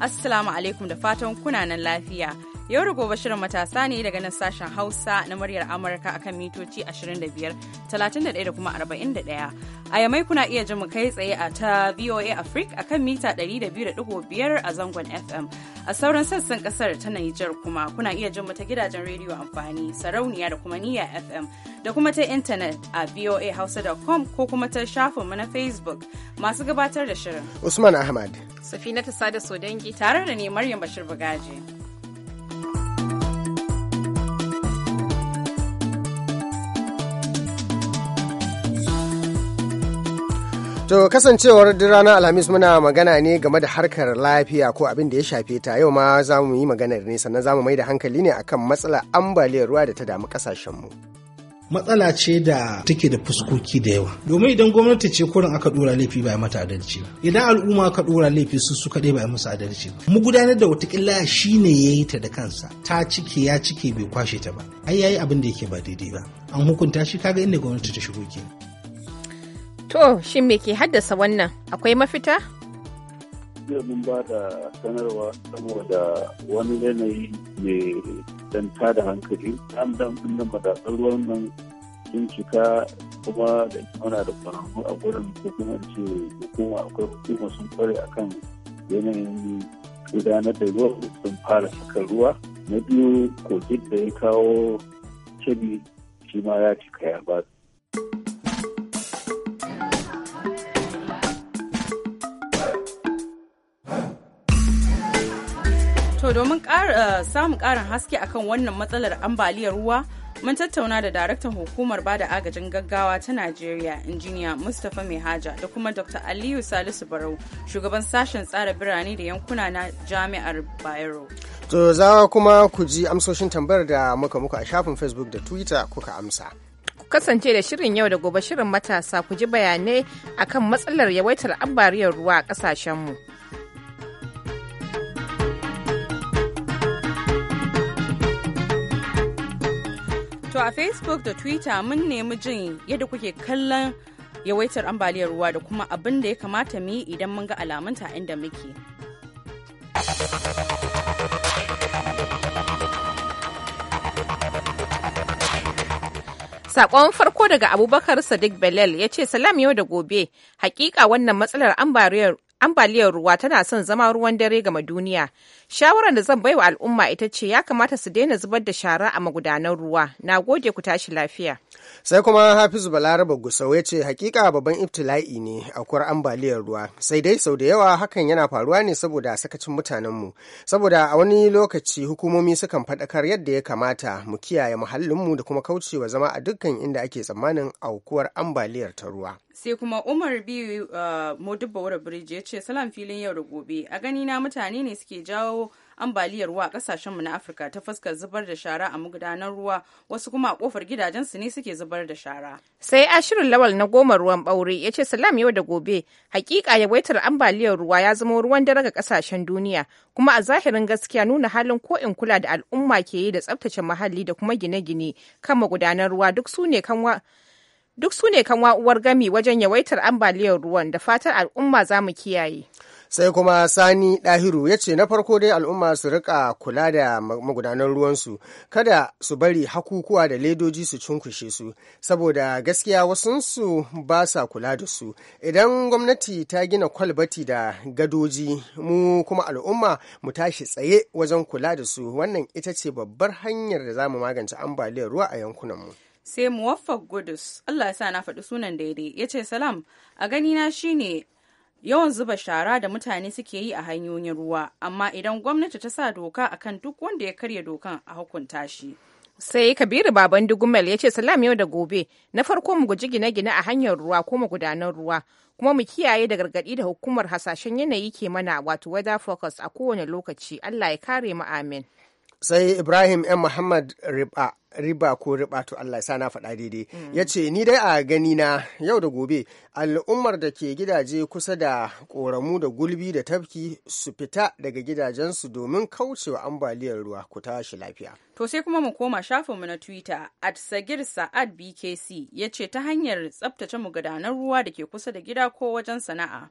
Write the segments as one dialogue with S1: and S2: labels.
S1: Assalamu alaikum da fatan kuna nan lafiya. Yau da gobe shirin matasa ne daga nan sashen Hausa na muryar Amurka akan mitoci 25, 31 da kuma 41. A yamai kuna iya jin mu kai tsaye a ta VOA Africa akan mita 200.5 a zangon FM. A sauran sassan kasar ta Nijar kuma kuna iya jin mu ta gidajen rediyo amfani, sarauniya da kuma niyya FM da kuma ta intanet a voahausa.com ko kuma ta shafinmu na Facebook masu
S2: gabatar da shirin.
S3: Usman Ahmad.
S2: Safina ta sada dangi tare da ne Maryam Bashir Bugaji.
S3: To kasancewar duk ranar Alhamis muna magana ne game da harkar lafiya ko abin da ya shafe ta yau ma za mu yi maganar ne sannan za mu mai da hankali ne akan matsalar ambaliyar ruwa da ta damu kasashenmu. mu.
S4: matsala ce da take da fuskoki da yawa domin idan gwamnati ce kurin aka dora laifi ba mata adalci ba idan al'umma aka dora laifi su su kaɗai ba musu adalci ba mu gudanar da wata watakila shine ya yi ta da kansa ta cike ya cike bai kwashe ta ba ai yayi abin da yake ba daidai ba an hukunta shi kaga inda gwamnati ta shigo ke
S2: to shin me ke haddasa wannan akwai mafita
S5: jiya mun ba da sanarwa saboda wani yanayi mai danta da hankali an dan kunnan madatsar ruwan nan sun cika kuma da muna da kwararru a gurin ko kuma ce hukuma akwai hukuma sun kware kan yanayin gudanar da ruwa sun fara saka ruwa na biyu kogin da ya kawo cebi shi ma ya cika ya ba
S1: To domin samun karin haske akan wannan matsalar ambaliyar ruwa mun tattauna da daraktan hukumar bada agajin gaggawa ta Najeriya injiniya Mustapha Mehaja da kuma Dr. Aliyu Salisu Barau shugaban sashen tsara birane da yankuna na Jami'ar Bayero.
S3: To za kuma ku ji amsoshin tambayar da muka muku a shafin Facebook da Twitter kuka amsa.
S2: Ku kasance da shirin yau da gobe shirin matasa ku ji bayanai akan matsalar yawaitar ambaliyar ruwa a ƙasashenmu. mu.
S1: To a Facebook da Twitter mun nemi jin yadda kuke kallon yawaitar ambaliyar ruwa da kuma abin da ya kamata mu yi idan mun ga alamunta inda muke.
S2: Sakon farko daga Abubakar Sadiq Belal ya ce salam yau da gobe, hakika wannan matsalar ambaliyar ruwa tana son zama ruwan dare game duniya. Shawarar da zan bai wa al'umma ita ce ya kamata su daina zubar da shara a magudanan ruwa. Na gode ku tashi lafiya.
S3: sai kuma hafizu balaraba gusau ya ce hakika babban iftila'i ne akwar ambaliyar ruwa sai dai sau da yawa hakan yana faruwa ne saboda sakacin mutanenmu saboda a wani lokaci hukumomi sukan faɗakar yadda ya kamata mu kiyaye muhallinmu da kuma kauce wa zama a dukkan inda ake tsammanin aukuwar ambaliyar ta ruwa
S1: sai kuma umar biyu uh, modibba wura birji ya ce salam filin yau da gobe a gani na mutane ne suke jawo ambaliyar ruwa a kasashenmu na afirka ta fuskar zubar da shara a magudanar ruwa wasu kuma a kofar gidajensu ne suke zubar da shara
S2: sai a shirin lawal na goma ruwan ɓaure ya ce salam yau da gobe hakika yawaitar ambaliyar ruwa ya zama ruwan dare ga kasashen duniya kuma a zahirin gaskiya nuna halin ko in kula da al'umma ke yi da tsabtace muhalli da kuma gine-gine kan magudanar ruwa duk su ne kan duk su ne kan wa'uwar gami wajen yawaitar ambaliyar ruwan da fatar al'umma za mu kiyaye.
S3: sai kuma sani dahiru ya ce na farko dai al'umma su rika kula da magudanar ruwansu kada su bari hakukuwa da ledoji su cunkushe su saboda gaskiya wasunsu ba sa kula da su idan gwamnati ta gina kwalbati da gadoji mu kuma al'umma mu tashi tsaye wajen kula da su wannan ita ce babbar hanyar da za mu magance ambaliyar ruwa a yankunanmu.
S1: sai muwaffaq gudus allah ya sa na faɗi sunan daidai ya ce salam a ganina shine yawan zuba shara da mutane suke yi a hanyoyin ruwa amma idan gwamnati ta sa doka akan duk wanda ya karya dokan a hukunta shi
S2: sai kabiru baban dugumel ya ce salam yau da gobe na farko mu guji gine-gine a hanyar ruwa ko gudanar ruwa kuma mu kiyaye da gargaɗi da hukumar hasashen yanayi ke mana wato weather focus a kowane lokaci allah ya kare mu amin
S3: sai ibrahim yan muhammad riba riba ko riba to Allah sa na faɗa daidai mm. ya ce ni dai a gani na yau da gobe al'ummar da ke gidaje kusa da ƙoramu da gulbi da tafki su fita daga gidajensu domin kaucewa ambaliyar ruwa ku tashi lafiya
S1: to sai kuma mu koma shafinmu na twitter at sagir sa'ad bkc ya ce ta hanyar tsabtace mugadanan ruwa da ke kusa da gida ko wajen sana'a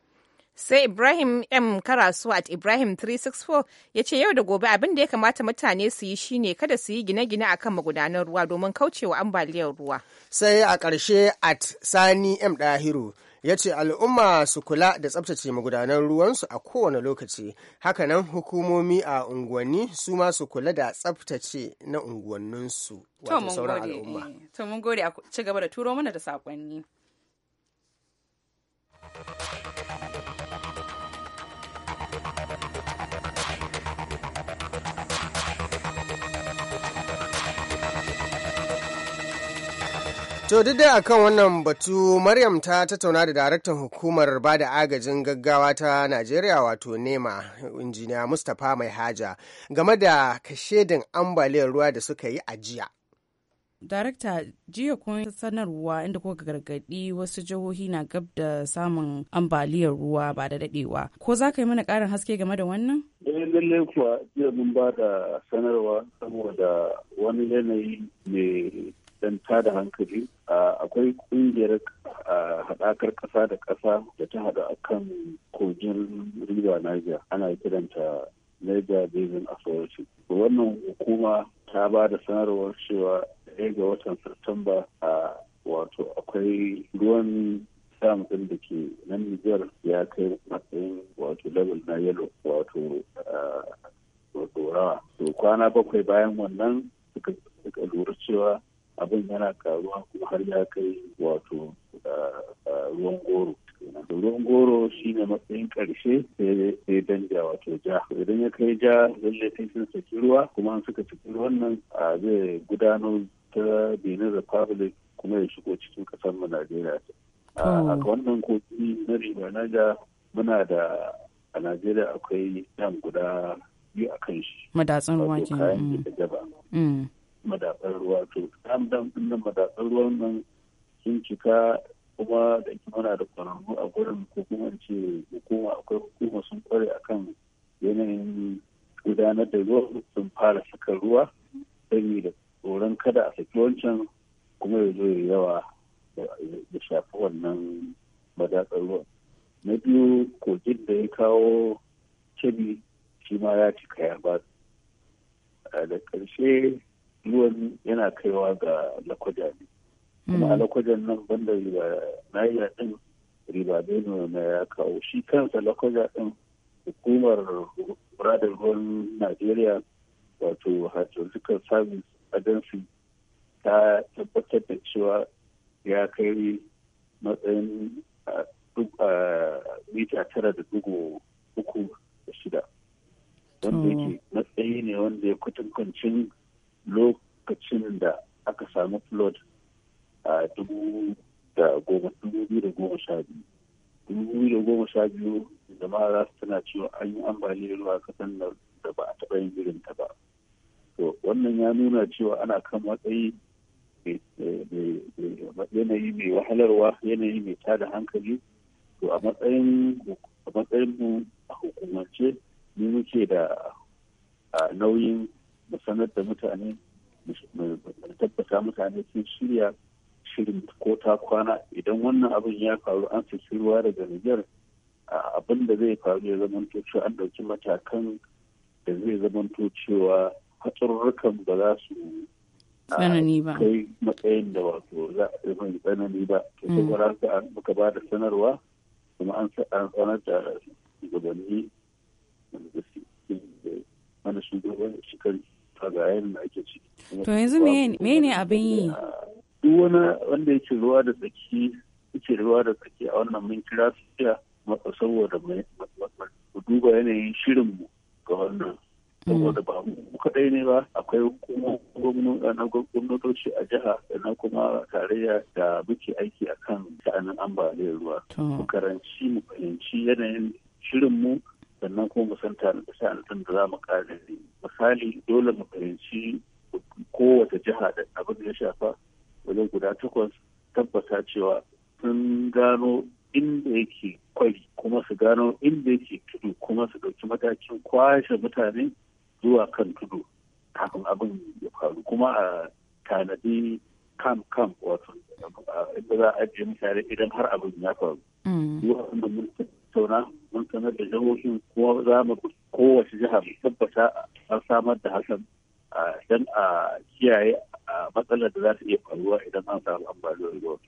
S2: sai ibrahim m karasu at ibrahim 364 ya ce yau da gobe abin da ya kamata mutane su yi shine kada su yi gine-gine a kan magudanar ruwa domin kaucewa ambaliyar ruwa
S3: sai a ƙarshe at sani m dahiru ya ce al'umma su kula da tsabtace magudanan ruwansu a kowane lokaci hakanan hukumomi a unguwanni su ma su kula da tsabtace na unguwanninsu wato sauran al'umma
S1: eh, ci gaba da turo mana da saƙonni
S3: To duk dai akan wannan batu Maryam ta tattauna da daraktan hukumar ba da agajin gaggawa ta Najeriya wato Nema injiniya Mustapha Mai Haja game da kashedin ambaliyar ruwa da suka yi a jiya.
S1: Darakta jiya kun sanarwa inda kuka gargadi wasu jihohi na gab da samun ambaliyar ruwa ba da dadewa Ko za ka yi mana karin haske game da wannan?
S5: Eh, lalle kuwa jiya mun ba da sanarwa saboda wani yanayi mai da hankali akwai kungiyar haɗakar ƙasa da ƙasa da ta haɗu a kan kogin riba niger ana kiranta niger basin authority wannan hukuma ta ba da sanarwar cewa ɗaya ga watan Satumba a wato akwai ruwan dam mutum da ke nan Nijar ya kai matsayin wato level na yalo wato dorawa. To kwana bakwai bayan wannan suka lura cewa abin yana karuwa kuma har ya kai wato ruwan goro ruwan goro shi ne matsayin karshe sai danja wato ja idan ya kai ja zan sun saki ruwa kuma an suka saki ruwan nan zai gudanar ta benin republic kuma ya shigo cikin kasar mu najeriya a hmm. wannan kogi na riba na ja muna da a najeriya akwai dam guda biyu a kan shi
S1: madatsun ruwa
S5: kenan madatsar ruwa to dan dan madatsar ruwan nan sun cika kuma da ke mana da kwararru a gurin ko kuma ce hukuma akwai hukuma sun kware akan yanayin gudanar da ruwa sun fara saka ruwa da tsoron kada a saki wancan kuma ya zo ya yawa ya shafi wannan madatsar ruwa na biyu kogin da ya kawo kebi shi ma ya cika ya ba da ƙarshe ruwan yana kaiwa ga lakwaja ne kuma a hmm. lakwajan nan banda riba yi din riba beno na ya kawo shi kansa lakwaja din hukumar radar ruwan najeriya wato hydrological service agency ta tabbatar da cewa ya kai matsayin mita tara da dugu uku da shida wanda yake matsayi ne wanda ya kutunkancin lokacin da aka samu flood a dubu da goma biyu da goma sha biyu dubu biyu da goma sha biyu jama'a za su tana cewa an yi ambaliyar ruwa kasan da ba a taɓa yin irin ta ba to wannan ya nuna cewa ana kan matsayi eh, eh, eh, yanayi mai wahalarwa yanayi mai tada hankali to a matsayin a matsayin mu a hukumance ni muke da nauyin mu sanar da mutane tabbata mutane sun shirya shirin ko ta kwana idan wannan abin ya faru an fi ruwa daga Nijar abin da zai faru ya zama cewa an ɗauki matakan da zai zama cewa hatsarurrukan ba za su
S1: tsanani ba kai
S5: matsayin da wato za a yi tsanani ba to saboda haka muka ba da sanarwa kuma an sanar da shugabanni da su shugaban shi ta ga yayin da ake ciki. To yanzu me
S1: ne abin yi?
S5: Duk wani wanda yake ruwa da tsaki yake ruwa da tsaki a wannan mun kira su iya matsa saboda mu duba yanayin shirinmu ga wannan. Saboda ba mu kaɗai ne ba akwai gwamnatoci a jiha da na kuma tarayya da muke aiki a kan sa'anin ambaliyar ruwa. Mu karanci mu fahimci yanayin shirinmu sannan kuma mu san tanadin da za mu kare misali dole mu fahimci kowace jiha da abin da ya shafa wajen guda takwas tabbata cewa sun gano inda yake kwari kuma su gano inda yake tudu kuma su ɗauki matakin kwashe mutane zuwa kan tudu kafin abin ya faru kuma a tanadi kam kam wato inda za a ajiye mutane idan har abin ya faru. Mm. tattauna mun sanar da jihohin kuma za mu kowace jihar tabbata an samar da hakan don a kiyaye a matsalar da za ta iya faruwa idan an samu ambaliyar ruwa.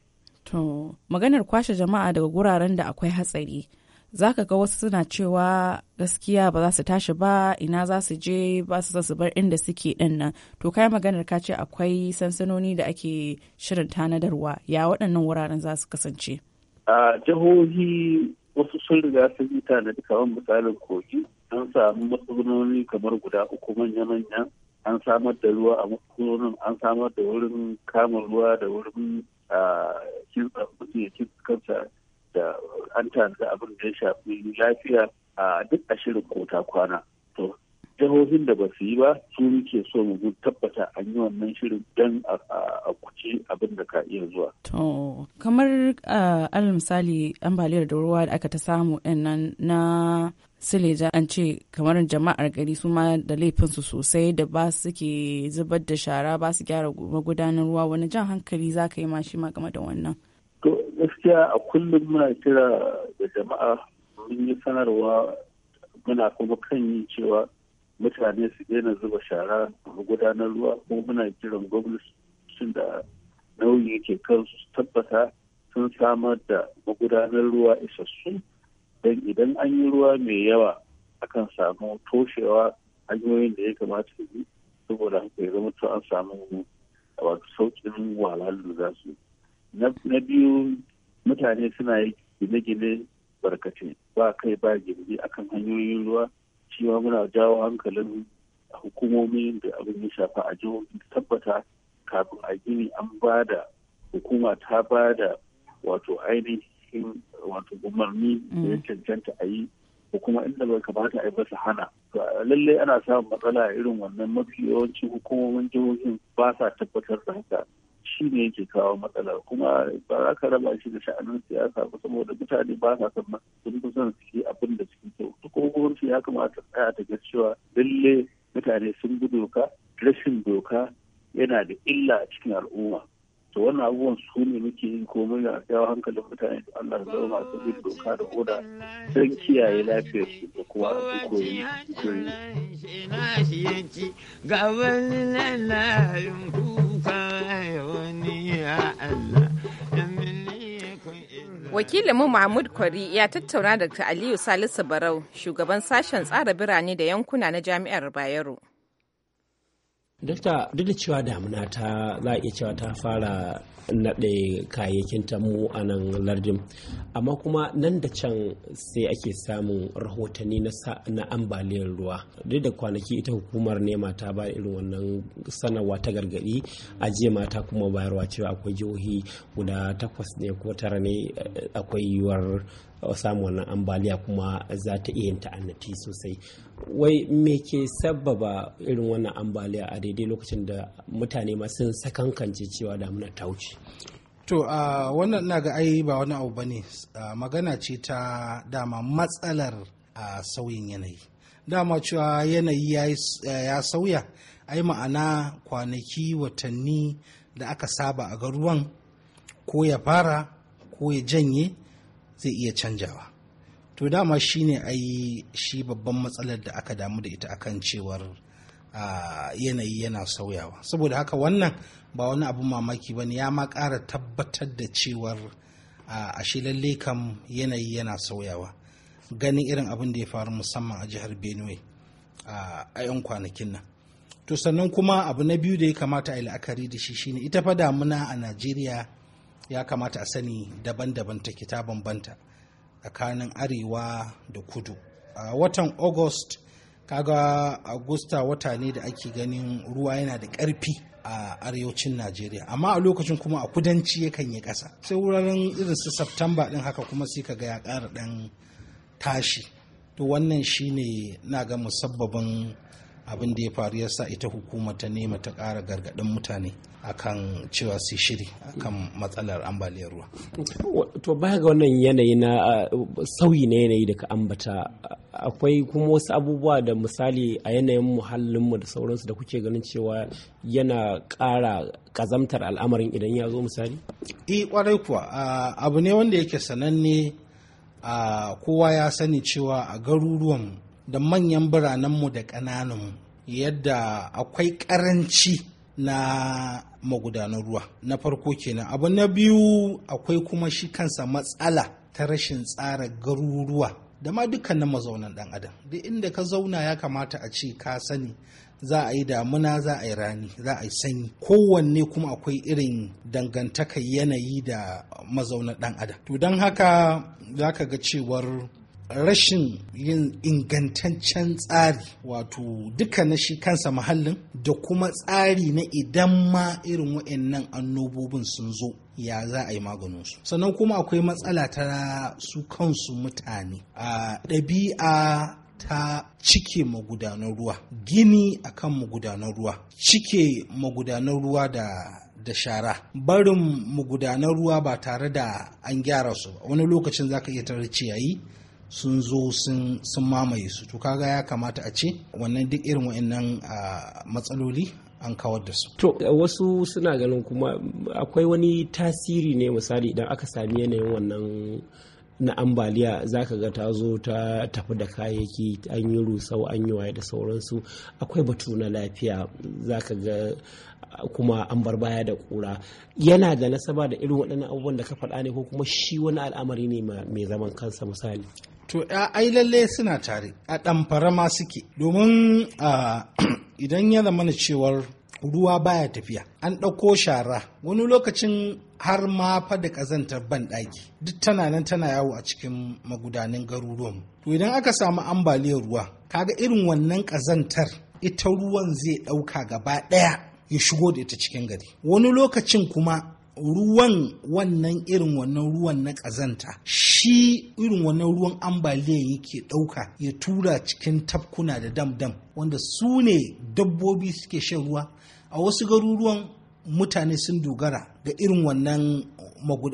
S1: To, maganar kwashe jama'a daga guraren da akwai hatsari. Za ka ga wasu suna cewa gaskiya ba za su tashi ba ina za su je ba su su bar inda suke din nan. To, kai maganar ka ce akwai sansanoni da ake shirin tanadarwa ya waɗannan wuraren za su kasance.
S5: A jihohi wasu sun riga sun yi tanadi kamar misalin kogi an samu matsugunoni kamar guda uku manya-manya an samar da ruwa a matsugunonin an samar da wurin kama ruwa da wurin kinsa mutum ya kansa da an tanadi abin da ya shafi lafiya a duk a shirin kota kwana jihohin da ba su yi ba su ke so mu tabbata an yi wannan shirin don a kuci abin da ka iya zuwa.
S1: To, kamar alal misali ambaliyar da ruwa da aka ta samu ɗin nan na Sileja an ce kamar jama'ar gari su ma da laifinsu sosai da ba su ke zubar da shara ba su gyara magudanar ruwa wani jan hankali za ka yi ma shi ma game da wannan.
S5: To gaskiya a kullum muna kira da jama'a mun yi sanarwa muna kuma kan yi cewa mutane su daina zuba shara a gudanar ruwa ko muna kiran sun da nauyi ke su tabbata sun samar da magudanar ruwa isassu don idan an yi ruwa mai yawa akan samu toshewa hanyoyin da ya kamata yi saboda haka ya zama to an samu wato sauƙin walalu za su na biyu mutane suna yi gine-gine barkace ba kai ba girbi akan hanyoyin ruwa cewa muna jawo hankalin hukumomi da abin ya shafa a jihohi tabbata kafin a gini an ba da hukuma ta ba da wato ainihin wato umarni da ya mm. cancanta a yi ko inda bai kamata a yi ba su hana lallai ana samun matsala irin wannan mafi yawancin hukumomin jihohin ba sa tabbatar da haka shi ne yake kawo matsala kuma ba za ka raba shi da sha'anin siyasa ba saboda mutane ba sa san sun fi son su yi abin da suke so duk gwamnati ya kamata tsaya ta ga cewa lalle mutane sun bi doka rashin doka yana da illa a cikin al'umma to wannan abubuwan su ne muke yi ko muna jawo hankalin mutane da Allah zama masu bi doka da oda don kiyaye lafiyar su da kuma su koyi
S2: ga Mahmud Kwari ya tattauna da Aliyu Salisu Barau, shugaban sashen tsara birane da yankuna na Jami'ar Bayero.
S6: Dokta duk da cewa damuna ta za a iya cewa ta fara naɗe kayayyakin ta mu a nan lardin amma kuma nan da can sai ake samun rahotanni na ambaliyar ruwa duk da kwanaki ita hukumar nema ta ba irin wannan sanarwa ta gargaɗi a jiya mata kuma bayarwa cewa akwai jihohi guda takwas ne ko tara ne eh, akwai yiwuwar samun wannan ambaliya kuma za ta iya yin ta'annati sosai wai me ke sabbaba irin wannan ambaliya a daidai lokacin da mutane ma sun sakankance cewa damuna ta wuce
S4: to a wannan na ga ai ba wani abu bane magana ce ta dama matsalar a sauyin yanayi dama cewa yanayi ya sauya ai ma'ana kwanaki watanni da aka saba a ga ruwan ko ya fara ko ya janye zai iya canjawa to dama shine yi shi babban matsalar da aka damu da ita akan cewar yanayi yana sauyawa saboda haka wannan ba wani abu mamaki ba ne ya ma ƙara tabbatar da cewar a lalle kam yanayi yana sauyawa ganin irin abin da ya faru musamman a jihar benue a 'yan kwanakin nan to sannan kuma abu na biyu da ya kamata a yi la'akari da shi shine ita fa damuna a najeriya ya kamata a sani daban-daban take ta bambanta tsakanin arewa da kudu a watan august kaga agusta wata ne da ake ganin ruwa yana da karfi a arewacin najeriya amma a lokacin kuma a kudanci yakan yi ƙasa sai wuraren irin su september ɗin haka kuma sai ka ga ya ƙara ɗan tashi to wannan shine na ga musabbabin abin da ya faru ya sa ita hukumar ta nema ta ƙara gargaɗin mutane akan cewa su shiri akan matsalar ambaliyar ruwa.
S6: To baya ga wannan yanayi na uh, sauyi na yanayi da ka ambata akwai kuma wasu abubuwa da misali a yanayin muhallinmu da sauransu da kuke ganin cewa yana ƙara ƙazamtar al'amarin idan ya zo misali?
S4: E kwarai kuwa uh, abu ne wanda yake sananne uh, kowa ya sani cewa a garuruwan. da manyan biranenmu da ƙanananmu yadda akwai ƙaranci na magudanan ruwa na farko kenan abu na biyu akwai kuma shi kansa matsala ta rashin tsara garuruwa da ma dukkanin mazaunan ɗan adam duk inda ka zauna ya kamata a ce ka sani za a yi damuna za a yi rani za a yi sanyi kowanne kuma akwai irin dangantaka yanayi da mazaunan dan adam to don haka za ka ga cewar rashin yin ingantaccen tsari wato duka na shi kansa muhallin da kuma tsari na idan ma irin wa'annan annobobin sun zo ya za a yi maganinsu sannan kuma akwai matsala ta su kansu mutane a ɗabi'a ta cike magudanar ruwa gini akan magudanar ruwa cike magudanar ruwa da da shara barin magudanan ruwa ba tare da an gyara su ba. wani lokacin zaka iya tare ciyayi sun zo sun mamaye su to kaga ya kamata a ce wannan duk irin wa'annan matsaloli an kawar da su. To wasu suna ganin kuma akwai wani
S6: tasiri ne misali idan aka sami yanayin wannan na ambaliya zaka ga ta zo ta tafi da kayayyaki an yi rusau an yi waye da sauransu akwai batu na lafiya ka ga kuma an bar baya da kura yana da nasaba da
S4: irin waɗannan abubuwan da ka faɗa ne ko kuma shi wani al'amari ne mai zaman kansa misali To ai lalle suna tare a ɗamfara ma suke domin idan ya zamana cewar ruwa baya tafiya an ɗauko shara wani lokacin har ma fa da ƙazantar banɗaki, duk tana nan tana yawo a cikin magudanin garuruwan to idan aka samu ambaliyar ruwa kaga irin wannan ƙazantar ita ruwan zai ɗauka gaba ɗaya ya shigo da ita cikin gari wani lokacin kuma ruwan wannan irin wannan ruwan na ƙazanta shi irin wannan ruwan ambaliya yake ɗauka ya tura cikin tafkuna da dam-dam wanda su ne dabbobi suke shan ruwa a wasu garuruwan mutane sun dogara ga irin wannan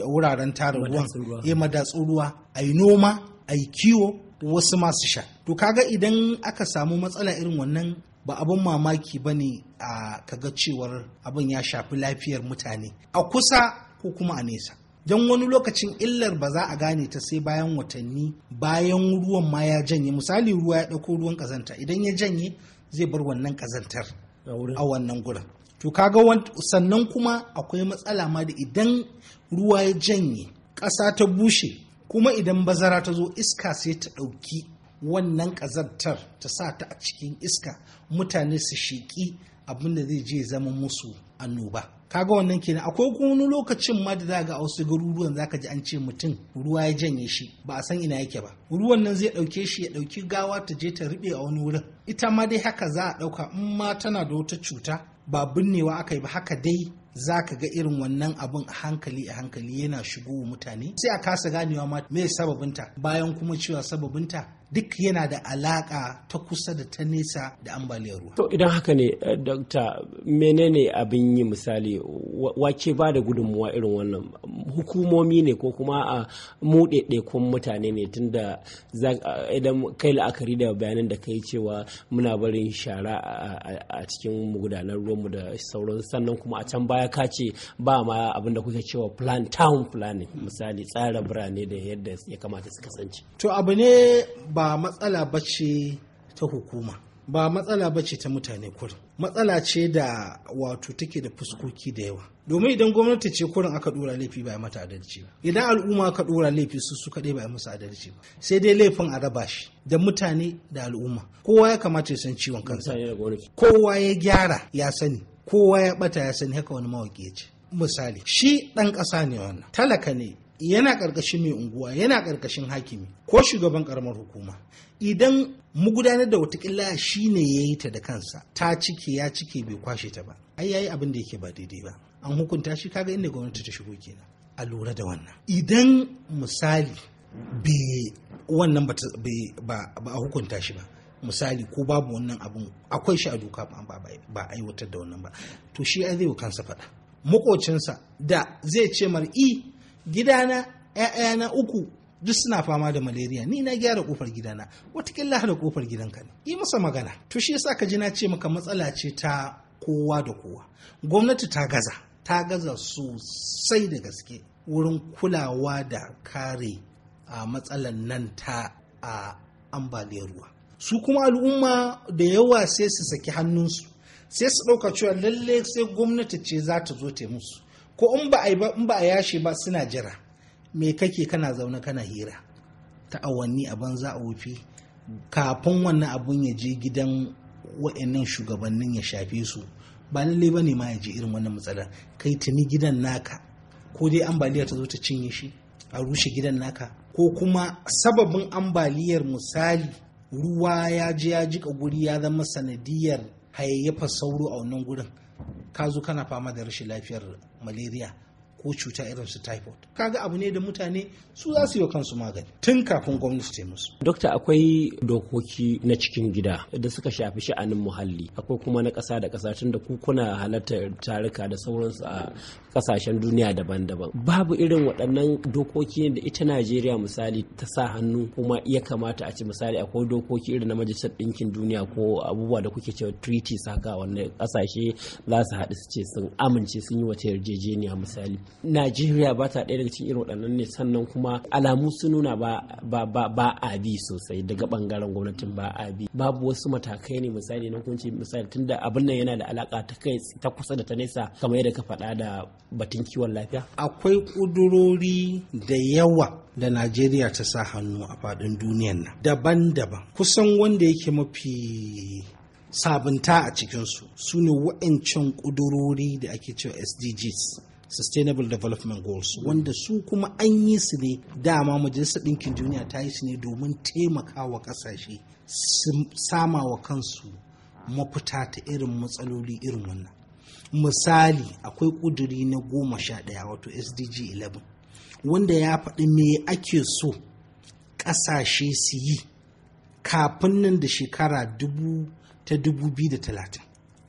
S4: wuraren tara ruwan ya eh, madatsun ruwa a yi noma a yi kiwo wasu masu sha to kaga idan aka samu matsala irin wannan ba abin mamaki ba ne a kaga cewar abin ya shafi lafiyar mutane a kusa ko kuma a nesa don wani lokacin illar ba za a gane ta sai bayan watanni bayan ruwan ma ya janye misali ruwa ya ɗauko ruwan ƙazanta idan ya janye zai bar wannan ƙazantar a wannan gurin to kaga sannan kuma akwai matsala ma da idan ruwa ya janye ƙasa ta bushe kuma idan bazara ta zo iska sai ta ɗauki wannan ƙazantar ta sa ta a cikin iska mutane su shiƙi abin da zai je zama musu annoba kaga wannan kenan akwai wani lokacin ma da za ga wasu garuruwan za ka ji an ce mutum ruwa ya janye shi ba a san ina yake ba ruwan nan zai ɗauke shi ya ɗauki gawa ta je ta riɓe a wani wurin ita ma dai haka za a ɗauka in ma tana da wata cuta ba binnewa aka yi ba haka dai za ka ga irin wannan abin a hankali a hankali yana shigo mutane sai a kasa ganewa ma me sababinta bayan kuma cewa sababinta duk yana da alaka ta kusa da ta nesa da ambaliyar ruwa.
S6: To idan haka ne eh, dokta menene abin yi misali Wace ba da gudunmuwa irin wannan hukumomi ne ko kuma a ah, muɗe kun mutane ne tunda ah, idan kai la'akari da bayanan da kai cewa muna barin shara a cikin gudanar ruwanmu da sauran sannan kuma a can baya ka ce ba ma abin da kuke cewa plan town planning misali tsara birane da yadda ya kamata su kasance.
S4: To abu ne ba matsala ba ce ta hukuma ba matsala ba ce ta mutane kurin matsala ce da wato take da fuskoki da yawa domin idan gwamnati ce kurin aka dora laifi ba mata adalci ba idan al'umma aka dora laifi su su kaɗai ba musu adalci ba sai dai laifin a raba shi da mutane da al'umma kowa ya kamata ya san ciwon kansa kowa ya gyara ya sani kowa ya bata ya sani haka wani mawaki ya ce misali shi ɗan ƙasa ne wannan talaka ne yana ƙarƙashin mai unguwa yana ƙarƙashin hakimi ko shugaban ƙaramar hukuma idan mu gudanar da watakila shi ne ya yi ta da kansa ta cike ya cike bai kwashe ta ba ai yayi abin da yake ba daidai ba an hukunta shi kaga inda gwamnati ta shigo kenan a lura da wannan idan misali bai wannan ba a hukunta shi ba misali ko babu wannan abin akwai shi a doka ba ba aiwatar da wannan ba to shi ai zai kansa faɗa makocinsa da zai ce mar i gidana ‘ya'yana uku duk suna fama da malaria ni na gyara kofar gidana watakila da kofar gidanka ne yi masa magana to shi yasa ka ji na ce maka matsala ce ta kowa da kowa gwamnati ta gaza ta gaza sosai da gaske wurin kulawa da kare a matsalar nan ta a ambaliyar ruwa su kuma al'umma da yawa sai su saki hannunsu sai su ɗauka cewa lalle sai gwamnati ce za ta zo ta musu ko in ba a yashe ba suna jira me kake kana zaune kana hira ta awanni a banza a wufi kafin wannan abun ya je gidan wa'annan shugabannin ya shafe su ba lallai ba ne ma ya je irin wannan matsalar kai tuni gidan naka ko dai ambaliyar ta zo ta cinye shi a rushe gidan naka ko kuma sababin ambaliyar misali ruwa ya je ya jika guri ya zama sanadiyar hayayyafa sauro a wannan gurin ka zo kana fama da rashin lafiyar malaria ko cuta irin su typhoid kaga abu ne da mutane su za su yi kansu magani tun kafin gwamnati ta musu dokta
S6: akwai dokoki na cikin gida da suka shafi sha'anin muhalli akwai kuma na kasa da kasa tun da ku kuna halartar tarika da sauransu a ƙasashen duniya daban-daban babu irin waɗannan dokoki da ita Najeriya misali ta sa hannu kuma ya kamata a ci misali akwai dokoki irin na majalisar ɗinkin duniya ko abubuwa da kuke cewa treaty haka wannan kasashe za su haɗu su ce sun amince sun yi wata yarjejeniya misali najeriya ba ta ɗaya daga cikin irin waɗannan ne sannan kuma alamu sun nuna ba a bi sosai daga ɓangaren gwamnatin ba a bi babu wasu matakai ne misali na kunci misali tunda abin nan yana da alaka ta kai ta kusa da ta nesa kamar yadda ka faɗa da batun kiwon lafiya
S4: akwai ƙudurori da yawa da najeriya ta sa hannu a faɗin duniyan nan daban-daban kusan wanda yake mafi sabunta a cikinsu su ne wa'ancan ƙudurori da ake cewa sdgs sustainable development goals wanda su kuma an yi su ne dama majalisar ɗinkin duniya ta yi su ne domin taimakawa ƙasashe sama wa kansu mafita ta irin matsaloli irin wannan misali akwai ƙuduri na goma sha ɗaya wato sdg 11 wanda ya faɗi me ake so ƙasashe su yi kafin nan da shekara dubu ta dubu biyu da talatin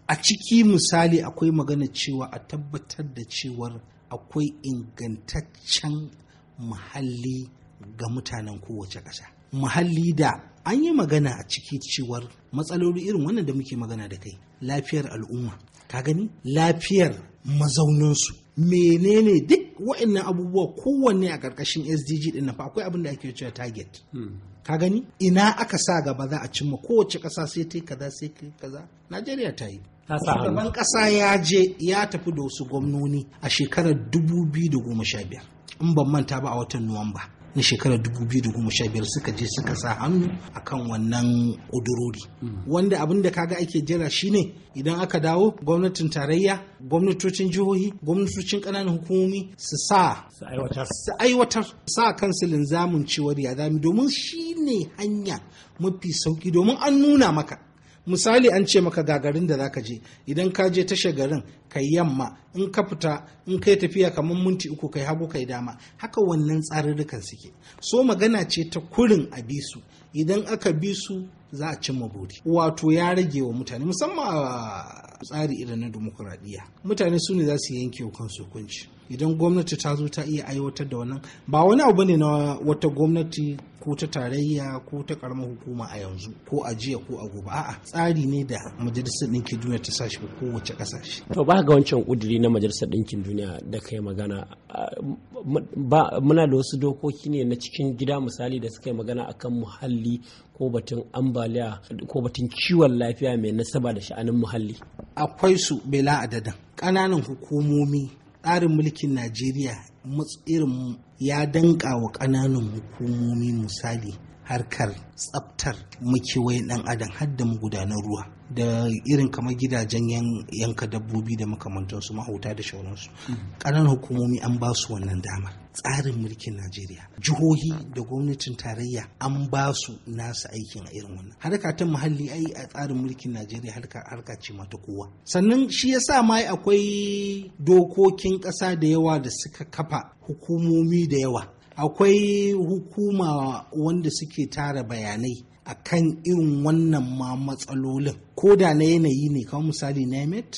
S4: a ciki misali akwai magana cewa a tabbatar da cewar akwai ingantaccen muhalli ga mutanen kowace ƙasa muhalli da an yi magana a ciki cewar matsaloli irin wannan da muke magana da kai lafiyar al'umma ka gani lafiyar mazauninsu menene duk wa'annan abubuwa kowanne a ƙarƙashin sdg ɗin fa akwai abin da ake cewa target hmm. ka gani ina aka sa gaba za a cimma kowace ƙasa sai ta yi kaza sai kaza najeriya ta yi shugaban kasa ya je ya tafi da wasu gwamnoni a shekarar 2015 in ban manta ba a watan nuwamba na shekarar 2015 suka je suka sa hannu akan wannan ƙudurori mm. wanda abin da kaga ake jira shine idan aka dawo gwamnatin tarayya gwamnatocin jihohi gwamnatocin ƙananan hukumomi su sa su aiwatar sa kansu linzamin cewar ya domin shine hanya mafi sauki domin an nuna maka misali an ce maka gagarin da zaka je idan ka je tashar garin kai yamma in ka fita in kai tafiya kamar minti uku kai hagu kai dama haka wannan tsarurrukan suke so magana ce ta kurin a bisu idan aka bisu su za a cimma buri wato ya rage wa mutane musamman a tsari irin na dimokuraɗiyya mutane su ne za su yanke kansu hukunci idan gwamnati ta zo ta iya aiwatar da wannan ba wani abu ne na wata gwamnati ko ta tarayya ko ta karamar hukuma a yanzu ko a jiya ko a gobe a'a tsari ne da majalisar ɗinkin duniya ta sashi ko wace kasashe
S6: to ba ga wancan kuduri na majalisar ɗinkin duniya da kai magana ba muna da wasu dokoki ne na cikin gida misali da suka yi magana akan muhalli ko batun ambaliya ko batun ciwon lafiya mai nasaba da sha'anin muhalli
S4: akwai su bela adadin ƙananan hukumomi tsarin mulkin najeriya irin ya danka wa ƙananan hukumomi misali harkar tsaftar makewayin ɗan adam har da magudanan ruwa da irin kamar gidajen yanka dabbobi da makamantansu mahauta da shauransu hmm. ƙananan hukumomi an ba su wannan damar tsarin mulkin najeriya jihohi da gwamnatin tarayya an ba su nasu aikin a irin wannan harka ta muhalli ai a tsarin mulkin najeriya harka harka ce mata kowa sannan shi ya sa ma akwai dokokin ƙasa da yawa da suka kafa hukumomi da yawa akwai hukuma wanda suke tara bayanai a kan irin wannan ma matsalolin ko da na yanayi ne kawai misali nemet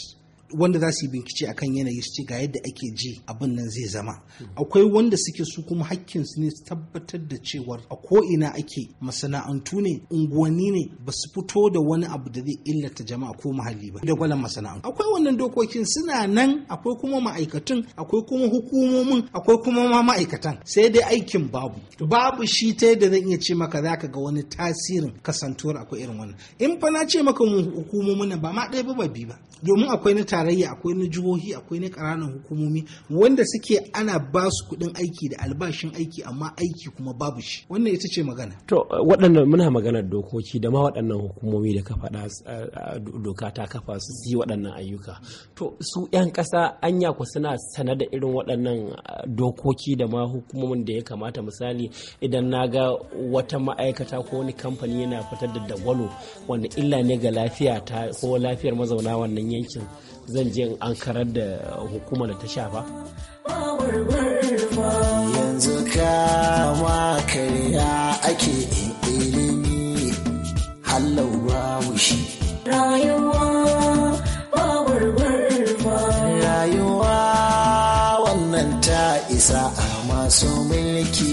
S4: wanda za su yi bincike kan yanayi su ce ga yadda ake ji abin nan zai zama akwai wanda suke su kuma hakkin su ne su tabbatar da cewar a ko ina ake masana'antu ne unguwanni ne ba su fito da wani abu da zai illata jama'a ko muhalli ba da gwalan masana'antu akwai wannan dokokin suna nan akwai kuma ma'aikatun akwai kuma hukumomin akwai kuma ma ma'aikatan sai dai aikin babu babu shi ta yadda zan iya ce maka zaka ga wani tasirin kasantuwar akwai irin wannan in fa na ce maka mu hukumomin nan ba ma ɗaya ba ba bi ba domin akwai na tarayya akwai na jihohi akwai na ƙananan hukumomi wanda suke ana ba su kuɗin aiki da albashin aiki amma aiki kuma babu shi wannan ita ce magana
S6: to waɗannan muna maganar dokoki da ma waɗannan hukumomi da ka faɗa eh, doka ta kafa su yi waɗannan ayyuka to su 'yan ƙasa anya ku suna sanar da irin waɗannan eh, dokoki da ma hukumomin da ya kamata misali idan na ga wata ma'aikata ko wani kamfani yana fitar da dagwalo wanda illa ne ga lafiya ta ko lafiyar mazauna wannan yankin zan je in an karar da hukumar da ta shafa yanzu kama karya ake ilimi
S4: halawa wushi.
S5: rayuwa
S6: rayuwa wannan ta isa a masu mulki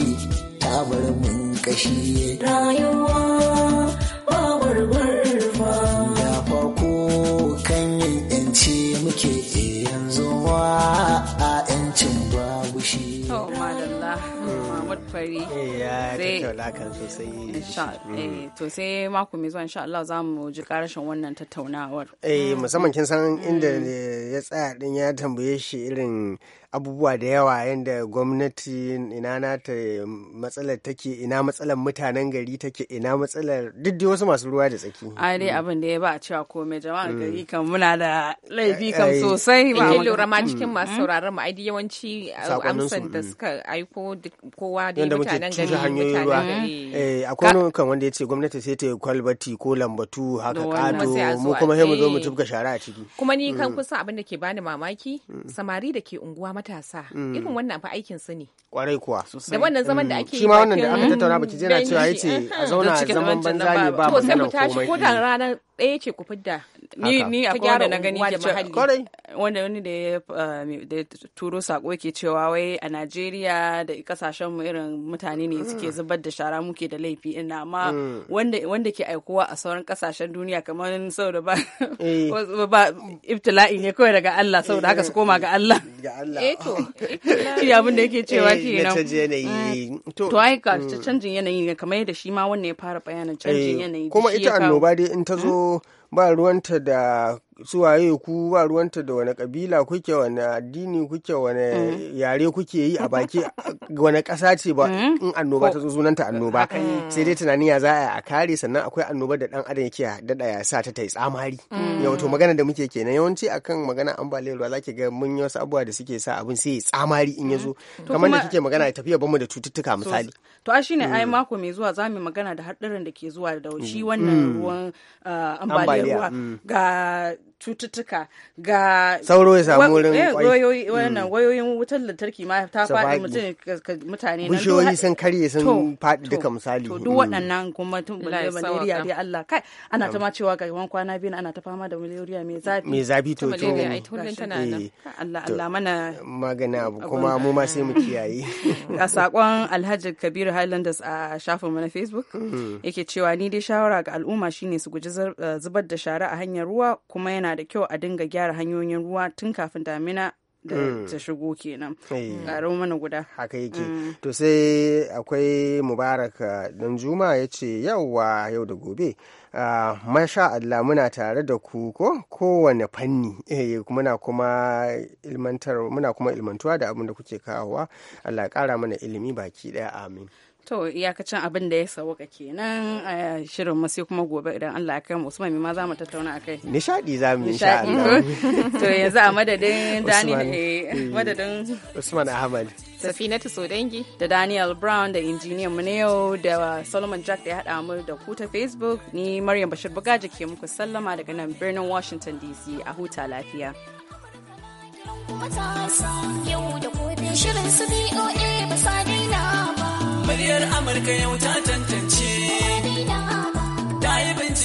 S6: ta bar mun kashi rayuwa ba
S1: fari eh, sai mm. eh, to sai mako mai zuwa insha Allah za mu ji karashin wannan tattaunawar eh musamman kin
S3: san mm. inda ya tsaya din ya tambaye shi irin abubuwa da yawa yadda gwamnati ina nata matsalar take ina matsalar mutanen gari take ina matsalar duk wasu masu ruwa da tsaki a
S1: dai abin da ya ba a cewa kome jama'a mm. gari kan muna da
S2: laifi kan sosai ba eh, mu lura ma cikin masu mm. sauraron mu aidi yawanci uh, amsan da mm. suka aiko kowa da mutanen gari mutanen gari eh akwai
S3: kan wanda ya ce gwamnati sai ta kwalbati ko lambatu haka kado mu kuma sai mu zo mu eh. tubka shara a ciki kuma ni kan
S2: kusa abin da ke bani mamaki samari da ke unguwa matasa mm. irin wannan fa aikin su ne
S3: kwarai kuwa da wannan zaman da mm. ake shi ma wannan da aka tattauna baki jina cewa yace a zauna a zaman
S1: banza ne ba ba sai tashi ko da
S2: ranar ɗaya ce ku fidda ni ni a wanda na gani ke
S1: wanda wani da ya eh, turo sako yake cewa wai a Najeriya da kasashen mu irin mutane ne suke mm. zubar da shara muke da laifi ina amma wanda wanda ke aikowa a sauran kasashen duniya kamar saboda eh. ba ba ibtila'i ne kawai daga Allah saboda haka su koma ga Allah ga Allah Eh to ya abin da yake cewa eh, kenan canjin
S3: yanayi eh,
S1: to ai ka mm. canjin yanayi ne kamar yadda shi ma wannan ya fara bayanin canjin yanayi kuma ita annoba dai
S3: in ta hmm? zo ba ruwanta da su waye ku ba ruwanta da wani kabila kuke wani addini kuke wani mm. yare kuke yi a baki wani ƙasa ce ba mm. in annoba ta zo sunanta annoba sai dai tunani ya za a yi a kare sannan akwai annoba da dan adam yake daɗa ya sa ta tai tsamari mm. yau to magana da muke kenan yawanci akan magana ba lewa zaki ga mun yi wasu abubuwa da suke sa abin sai ya tsamari in ya zo kamar da kike magana ya tafiya bamu da cututtuka misali
S1: to a shine ai mako mai zuwa za mu magana da haɗarin da ke zuwa da shi wannan ruwan ah, ambaliyar ruwa ga cututtuka ga sauro ya samu wurin eh, wannan mm. wayoyin wutar lantarki ma ta faɗi mutane nan bishiyoyi sun
S3: karye sun faɗi duka misali to duk mm. waɗannan
S1: kuma tun bulaye malaria dai Allah kai ana ta ma cewa gaban kwana biyu ana ta fama da malaria mai zafi mai zafi to eh. to Allah Allah mana magana
S3: abu kuma mu ma sai mu kiyaye
S1: a sakon Alhaji Kabiru Highlanders a shafin mu na Facebook mm. yake cewa ni dai shawara ga al'umma shine su guji eh, zubar da shara a hanyar ruwa kuma yana yana da kyau a dinga gyara hanyoyin ruwa tun kafin damina da mm. ta shigo kenan ƙaro mana guda haka
S3: yake mm. to sai akwai mubarak uh, dan juma ya ce yauwa yau da gobe uh, masha Allah muna tare da ku ko kowane fanni eh, muna kuma ilmantar muna kuma ilmantuwa da abin da kuke kawowa Allah kara mana ilimi baki daya amin
S1: To iyakacin abin da ya sauka kenan a shirin masu kuma gobe idan Allah ya kai Usman ma za mu tattauna a kai.
S3: Nishadi za mu insha Allah.
S1: To yanzu a madadin Dani eh, eh. madadin
S3: Usman Ahmad.
S1: Safinatu Sodangi da Daniel Brown da injiniyan mu yau da Solomon Jack da ya haɗa mu da ku ta Facebook ni Maryam Bashir Bugaji ke muku sallama daga nan birnin Washington DC a huta lafiya.
S2: yau da gobe shirin su BOA ba sa daina
S1: Muryar Amurka yau ta tantance.